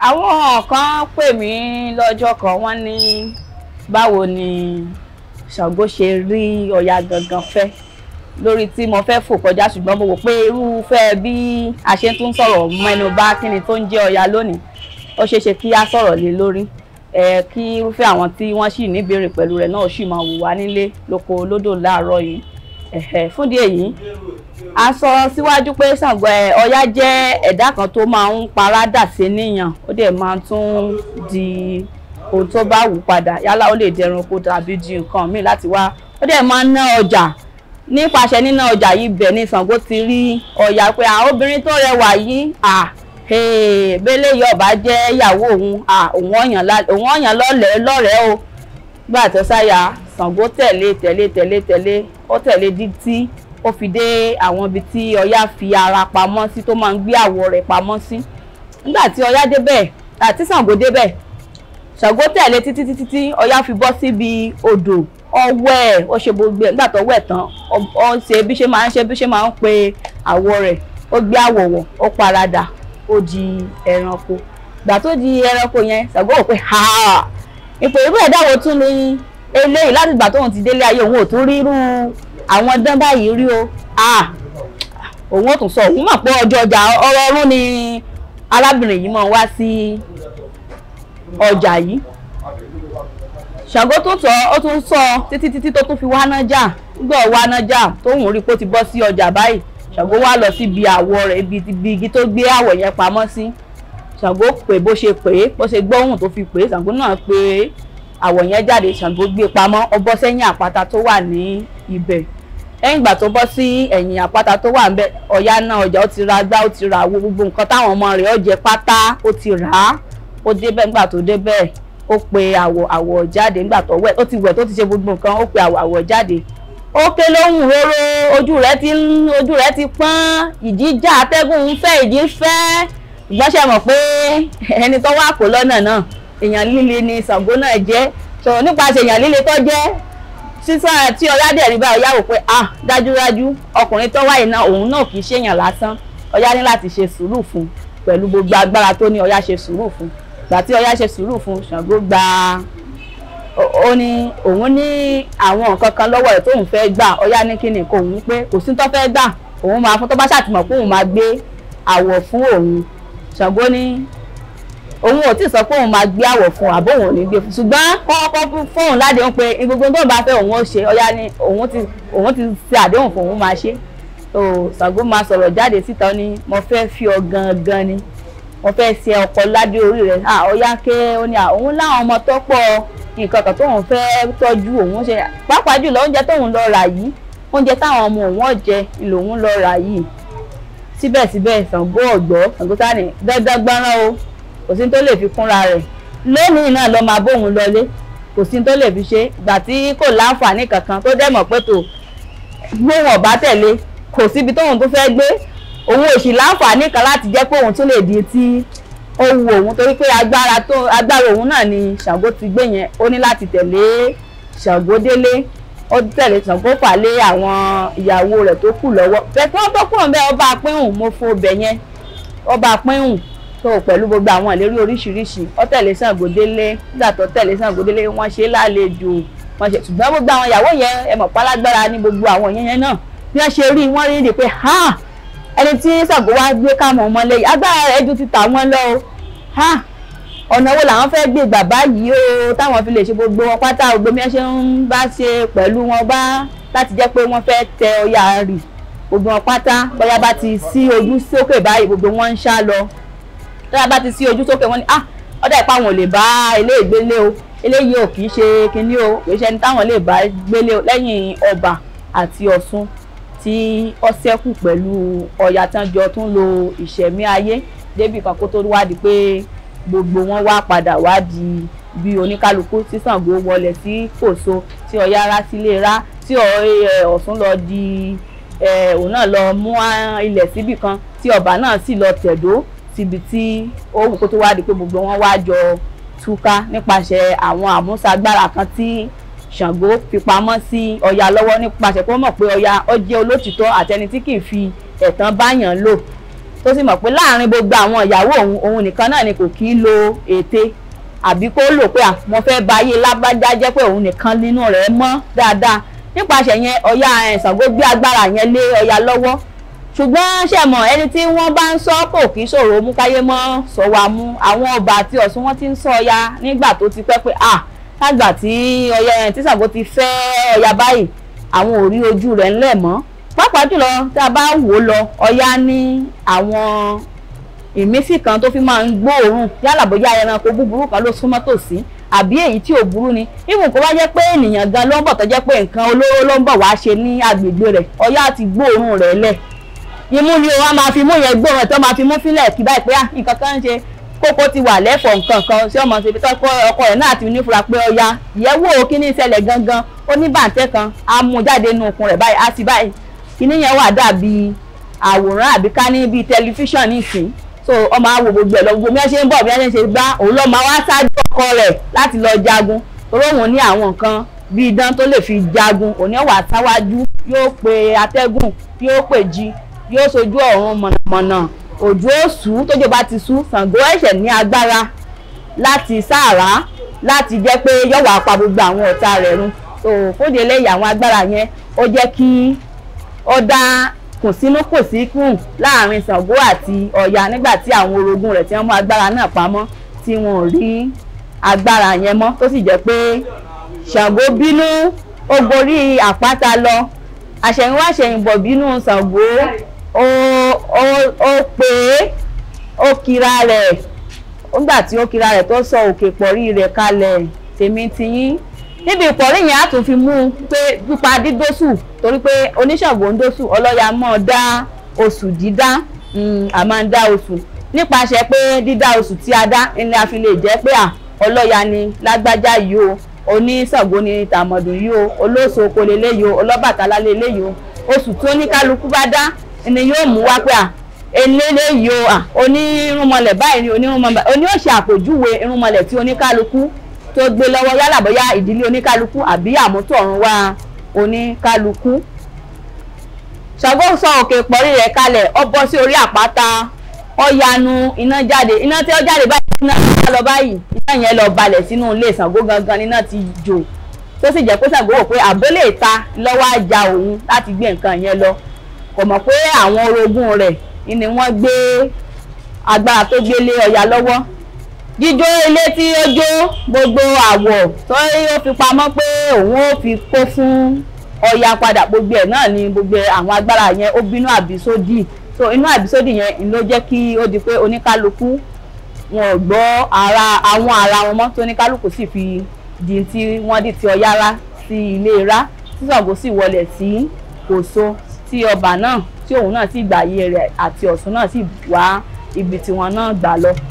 àwọn kan pè mí lọ́jọ́ kan wọ́n ní báwo ni Ṣàngó ṣe rí Ọya gangan fẹ́ lórí tí mo fẹ́ fò kọjá ṣùgbọ́n mo wò pé irúfẹ́ bí a ṣe tún sọ̀rọ̀ mẹ́nubà kí ni tó ń jẹ́ Ọya lónìí ó ṣeé ṣe kí a sọ̀rọ̀ lé lórí ẹ kí irúfẹ́ àwọn tí wọ́n sì níbèrè pẹ̀lú rẹ̀ náà sì máa wò wá nílé lóko lódò láàárọ̀ yìí fún díẹ̀ yìí a sọ síwájú pé Ṣàngó Ọya jẹ́ ẹ̀dá kan tó máa ń parádà sí níyàn ó dẹ̀ máa tún di ohun tó bá wù padà yálà ó lè dẹranko tàbí di nǹkan míì láti wá ó dẹ̀ máa ń ná ọjà nípasẹ̀ níná ọjà yìí bẹ̀ ni Ṣàngó ti rí Ọya pé àwọn obìnrin tó rẹwà yìí à bẹ́lẹ̀ yìí ọba jẹ́ ìyàwó òun à òun ọ̀yàn lọ́lẹ̀ẹ́ lọ́rẹ̀ẹ́ o gbà tó sáyà Ṣàngó tẹ̀lé tẹ̀lé tẹ̀lé tẹ̀lé ó tẹ̀lé títí ó fi dé àwọn ibi tí ọya fi ara pamọ́ sí tó máa ń gbé àwọ̀ rẹ̀ pamọ́ sí nígbà tí ọya débẹ̀ àti Ṣàngó débẹ̀ Ṣàngó tẹ̀lé títí títí tí ọya fi bọ́ síbi odò ọwẹ́ ó ṣe gbogbo ẹ̀ nígbà tó wẹ̀ tán ó ń ṣe bí ṣe máa ń ṣe bí ṣe máa ń pe àwọ̀ rẹ̀ ó gbé àwọ̀wọ̀ ó paradà ó di ẹranko gbà tó di ẹranko yẹn Ṣàngó ò pé ha ìpè ìbúrẹ̀dáwọ̀ tún ni eléyìí láti ìgbà tóun ti délé ayé òun ò tún rí àwọn dán báyìí rí o òun ò tún sọ òun mọ̀ pé ọjọ́ ọjà ọrọ̀ ọrún ni arábìnrin yìí mọ̀ wá sí ọjà yìí ṣàgó tó sọ ó tún sọ títí títí tó tún fi wá náà jà gbọ́ wá náà jà tóun rí pé ó ti bọ́ sí ọjà báyìí ṣàgó wá lọ síbi àwọ̀ rẹ̀ ibi igi tó gbé àwọ̀ yẹn pamọ́ sí ṣàgó pè bó ṣe pè é bó ṣe gbóhùn tó fi pè é ṣàgó náà pè é àwọ̀ yẹn jáde Ṣàngó gbé pamọ́ ó bọ́ sẹ́yìn àpáta tó wà ní ibẹ̀ lẹ́yìn ìgbà tó bọ́ sí ẹ̀yìn àpáta tó wà níbẹ̀ Ọya náà ọjà ó ti ra gbá ó ti ra wo gbogbo nǹkan táwọn ọmọ rẹ̀ ó jẹ pátá ó ti rà á ó débẹ̀ nígbà tó débẹ̀ ó pe àwọ̀ àwọ̀ jáde nígbà tó wẹ̀ ó ti wẹ̀ tó ti ṣe gbogbo nǹkan ó pe àwọ̀ àwọ̀ jáde ó ké lóhùn róró ojú rẹ̀ ti ojú rẹ̀ ti pọ́n ìjì atẹ́gùn ń fẹ́ ìjì ń fẹ́ ìgbọ́n mọ̀ pé ẹni tó wà kó lọ́nà náà èèyàn líle ni Ṣàngó náà jẹ́ so nípasẹ̀ èèyàn líle tó jẹ́ sísá tí ọládẹ̀rí bá ọyá wò pé ah dájúdájú ọkùnrin tó wáyé náà òun náà kì í ṣèyàn lásán ọyá ní láti ṣe sùúrù fún pẹ̀lú gbogbo agbára tó ní ọyá ṣe sùúrù fún gbà tí ọyá ṣe sùúrù fún Ṣàngó gba ó ní òun ní àwọn nǹkan kan lọ́wọ́ ẹ̀ tóun fẹ́ gbà ọyá ní kíni kò òun kò sí tó fẹ́ gbà òun máa fún tó bá ṣàtìmọ̀ pé òun máa gbé àwọ̀ fún òun Ṣàngó ní òun ò tí ì sọ pé òun máa gbé àwọ̀ fún un àbóhùn ò ní gbé fún un ṣùgbọ́n kọ́kọ́ fóun láde ń pe gbogbo tó ń bá fẹ́ òun ó ṣe ọ̀yá ni òun ti òun ti ṣe àdéhùn fún òun máa ṣe so Ṣàngó máa sọ̀rọ̀ jáde síta ni mo fẹ́ fi ọ gangan ni mo fẹ́ ṣe ọkọ ládé orí rẹ̀ à ọ̀yá ké ó ní àwọn láwọn ọmọ tó pọ̀ nǹkan kan tóun fẹ́ tọ́jú òun ṣe pàápàá jùlọ oúnjẹ tóun lọ rà yìí oúnjẹ táwọn ọmọ òun ọ̀jẹ lòun lọ rà yìí síbẹ̀síbẹ̀ Ṣàngó ọ̀gbọ́ Ṣàngó sáà dandan gbọ́nrán o kò sí tó lè fi kúnra rẹ̀ lónìí náà lọ máa bóun lọlé kò sí tó lè fi ṣe ìgbà tí kò láǹfààní kankan tó dẹ̀ mọ̀ pé tó gbóhùn ọ̀bá tẹ̀lé kò síbi tóun tó fẹ́ gbé òun ò sì láǹfààní kan láti jẹ́ pé òun tún lè di tí ó wu òun torí pé agbára tó agbára òun náà ni Ṣàngó ti gbé yẹn ó ní láti tẹ̀lé Ṣàngó délé ó tẹ̀lé Ṣàngó pàlé àwọn ìyàwó rẹ̀ tó kù lọ́wọ́ bẹ́ẹ̀ tí wọ́n tó kúrò ń tó pẹ̀lú gbogbo àwọn ìlérí oríṣiríṣi ó tẹ̀lé Ṣàngódélé nígbà tó tẹ̀lé Ṣàngódélé wọ́n ṣe lálejò wọ́n ṣe ṣùgbọ́n gbogbo àwọn ìyàwó yẹn ẹ mọ̀ pálágbára ní gbogbo àwọn yẹn yẹn náà bí wọ́n ṣe rí wọ́n rí ni pé ha ẹni tí Ṣàngó wá gbé kámọ̀ ọmọ lẹ́yìn agbára rẹ̀ ju ti tà wọ́n lọ o ha ọ̀nà wo làwọn fẹ́ gbé gbà báyìí o táwọn fi lè ṣe gbogbo wọn pátá gbogbo wọn ń sá lọ tọ́lá bá ti sí ojú sókè wọ́n ní ah ọ̀dà ìpá wọn ò lè bá ilé ìgbélé o eléyìí ò kì í ṣe kinní o kì í ṣe ẹni táwọn lè bá gbélé o lẹ́yìn ọba àti ọ̀ṣun tí ó ṣẹ́kù pẹ̀lú ọ̀yà tán jọ tún lo ìṣẹ̀mí ayé débì kan kó tó wá di pé gbogbo wọn wá padà wá di bí oníkálukú tí Ṣàngó wọlé tí Kòso tí Ọya rá sílé rá tí Ọ̀ṣun lọ di òun náà lọ mú ilẹ̀ síbì kan tí ọba náà sì lọ tẹ̀dó síbi tí ó wù kó tó wá di pé gbogbo wọn wá jọ túká nípasẹ̀ àwọn àmúṣagbára kan tí Ṣàngó fi pamọ́ sí Ọya lọ́wọ́ nípasẹ̀ kó mọ̀ pé o ó jẹ́ olótìtọ́ àtẹni tí kì í fi ẹ̀tàn báyàn lò tó sì mọ̀ pé láàrin gbogbo àwọn ìyàwó òun òun nìkan náà ni kò kí í lo ète àbí kó lò pé mo fẹ́ ba ayé lágbájá jẹ́ pé òun nìkan nínú rẹ̀ mọ́ dáadáa nípasẹ̀ yẹn Ọya Ṣàngó gbé agbára yẹn lé Ọya lọ́wọ́ ṣùgbọ́n ṣẹ̀mọ̀ ẹni tí wọ́n bá ń sọ kò kí ṣòro mú káyé mọ́ sọ̀wá mú àwọn ọba àti ọ̀ṣun wọn ti ń sọ ọya nígbà tó ti pẹ́ pé à lágbà tí ọya ẹ̀ tí Ṣàngó ti fẹ́ ọya báyìí àwọn ò rí ojú rẹ̀ ńlẹ̀ mọ́ pàápàá jùlọ tá a bá wò ó lọ ọya ní àwọn ìmísí kan tó fi máa ń gbóòórùn yálà bóyá ẹranko búburú kan ló súnmọ́ tòsí àbí èyí tí ò burú ni ìwọ̀n kó wá jẹ́ pé ènìyàn gan ló ń bọ̀ tó jẹ́ pé nǹkan olóró ló ń bọ̀ wá ṣe ní agbègbè rẹ̀ ọya ti gbóòórùn rẹ̀ lẹ̀ imú ni o wá máa fi mú yẹn gbóhàn tó máa fi mú fílẹ̀ kí báyìí pé ah, nǹkan kan ń ṣe kókó ti wà lẹ́fọ̀ọ́ nǹkan kan ṣé ọmọ ṣe tó ọkọ rẹ̀ náà ti nífura pé ọya ìyẹ́wò kíní ìṣẹ̀lẹ̀ gangan ó ní bàǹtẹ́ kan á mú jáde inú okùn rẹ̀ báyìí á ti báyìí kíní yẹn wà dàbí àwòrán àbí ká ní bíi tẹlifíṣàn nìsín so ọmọ á wo gbogbo ẹ̀ lọ gbogbo bí wọ́n ṣe ń bọ̀ bí wọ́n ṣe ń gbá òun lọ́mọ wá ṣáájú ọkọ rẹ̀ láti lọ jagun torí òun ní àwọn nǹkan bí idán tó lè fi jagun òní ọ̀wà táwájú yóò pe atẹ́gùn yóò pè jí yóò ṣojú ọ̀run mọ̀nàmọ̀nà òjò òṣù tójò bá ti sú Ṣàngó ẹ̀ṣẹ̀ ní agbára láti sáàrá láti jẹ́ pé yọ̀wọ̀ apá gbogbo àwọn ọ̀tá rẹ̀ run so fóde eléyìí àwọn agbára yẹn ó jẹ́ kí ó dá kùn sínú kò sí kùn láàrin Ṣàngó àti Ọya nígbà tí àwọn orogún rẹ̀ ti ń mú agbára náà pamọ́ tí wọn ò rí agbára yẹn mọ́ tó sì jẹ́ pé Ṣàngó bínú ó gorí àpáta lọ àṣẹ̀yìnwá àṣẹ̀yìnbọ̀ bínú Ṣàngó ó ó ó pé ó kira rẹ̀ nígbà tí ó kira rẹ̀ tó sọ òkè pọ̀rí rẹ̀ kalẹ̀ tèmi tiyín níbi ìpọ̀rí yẹn á tún fi mú un pé pípa dídóṣù torí pé oníṣàngó ń dóṣù ọlọ́ya mọ́ ọ dá oṣù dídá hmm, a máa ń dá oṣù nípasẹ̀ pé dídá oṣù tí a dá ni a fi lè jẹ́ pé à ọlọ́ya ni lágbájá yìí o oníṣàngó ni tàmọ̀dù yìí o olóṣù okòlélẹ́yìí o ọlọ́bàtálá lélẹ́yìí o oṣù tó ní kálukú bá dá ni yóò mú wá pé à eléré yo à onírúnmọlẹ̀ báyìí ni onírúnmọlẹ̀ oní ó ṣe àpèjúwe irúnmọlẹ̀ tí oníkálukú tó gbé lọ́wọ́ yálà bóyá ìdílé oníkálukú àbí àmútọ̀run wá oníkálukú Ṣàngó sọ òkè pọ̀rí rẹ̀ kalẹ̀ ó bọ́ sí orí àpáta ó yanu iná jáde iná tí ó jáde báyìí iná tí ó lọ báyìí iná yẹn lọ balẹ̀ sínú ilé Ṣàngó gangan níná ti jò tó sì jẹ́ pé Ṣàngó wò pé àbólé ìta lọ́wọ́ á ja òun láti gbé nǹkan yẹn lọ kò mọ̀ pé àwọn orogún rẹ̀ ni wọ́n gbé agbára tó gbélé Ọya lọ́wọ́ jíjó ilé tí ó jó gbogbo àwọ̀ tó ó fi pamọ́ pé òun ó fi kó fún Ọya padà gbogbo ẹ̀ náà ni gbogbo àwọn agbára yẹn ó bínú àbísódì so inú àbísódì yẹn ló jẹ́ kí ó di pé oníkálukú wọn ò gbọ́ ara àwọn ara wọn mọ́ tó oníkálukú sì fi di tí wọ́n di ti Ọya rá sí ilé rá tí Ṣàngó sì wọlé sí Kòso tí ọba náà tí òun náà sì gbàyè rẹ̀ àti Ọ̀ṣun náà sì wá ibi tí wọn náà gbà lọ